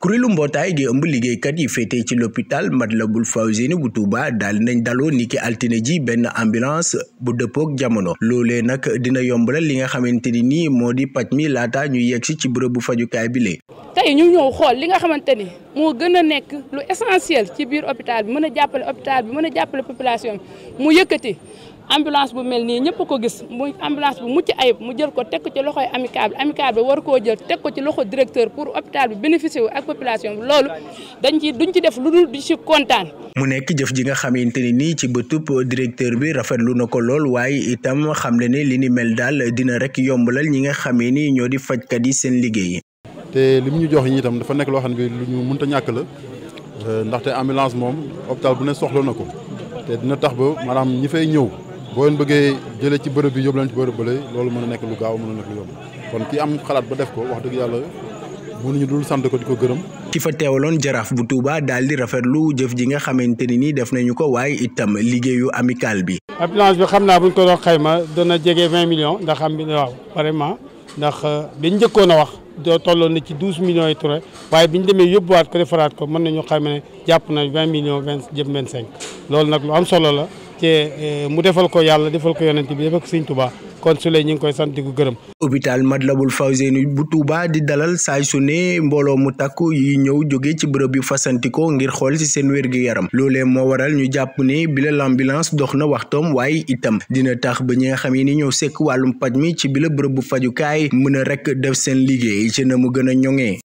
kuréelu mbootaay gi ëmb liggéeykat yi féete ci l'hôpital Matlaboul Fawzeyni bu Touba daal nañ daloo niki altine ji benn ambulance bu dëppook jamono loole nag dina yombalal li nga xamante ni nii moo di paj mi laata ñu yegsi ci bërëb bu fajukaay bi le tey ñu ñëw xool li nga xamante ni moo gën a nekk lu essentiel ci biir hôpital bi mën a jàppale hôpital bi mën a jàppale population mu yëkkati ambulance bu mel nii ñëpp ko gis mu ambulance bu mucc ayib mu jël ko teg ko ci loxoy amicable amicable bi war koo jël teg ko ci loxo directeur pour hôpital bi bénéficier wu ak population bi loolu dañ ci duñ ci def lu dul di ci kontaan. mu nekk jëf ji nga xamante ne nii ci bëtub directeur bi rafetlu na ko lool waaye itam xam ne ne li ni mel daal dina rek yombalal ñi nga xamee nii ñoo di fajkat yi seen liggéey. te li mu ñu jox yi itam dafa nekk loo xam ne lu ñu mënut ñàkk la ndaxte ambulance moom hôpital bu soxla na ko te dina tax ba maanaam fay ñëw. boo leen bëggee jëlee ci bërëb bi yóbbu leen ci bërëb bële loolu mën a nekk lu gaaw mën a nekk lu yomb kon ki am xalaat ba def ko wax dëgg yàlla mënuñu dul sant ko di ko gërëm. ci fa teewaloon jaraaf bu Touba daal di lu jëf ji nga xamante ni nii def nañu ko waaye itam liggéeyu amical bi. ambulance bi xam naa bu ñu ko doon xayma a jege million millions ndax am waaw vraiment ndax biñ euh, njëkkoon a wax doo tolloon na ci 12 millions yi ture waaye ñu demee yóbbuwaat ko defaraat ko mën nañu xayma ne jàpp na 20 millions 20 jëm 25 loolu nag lu am solo la. te eh, mu defal ko yàlla defal ko yonent bi defal ko sëñ Tuubaa kon su lay ñu ngi koy sant di ko gërëm. hôpital Matlaboul Fawzeyni bu tubaa di dalal saay su ne mbooloo mu takku yi ñëw jóge ci bërëb yu fasantikoo ngir xool ci seen wér gi yaram loolee moo waral ñu jàpp ne bile l'ambulance dox na waxtoom waaye itam dina tax ba ñi nga xam ni ñëw sekk wàllum paj mi ci bile bërëb bu fajukaay mën a rek def seen liggéey ci na mu gën a ñoŋee.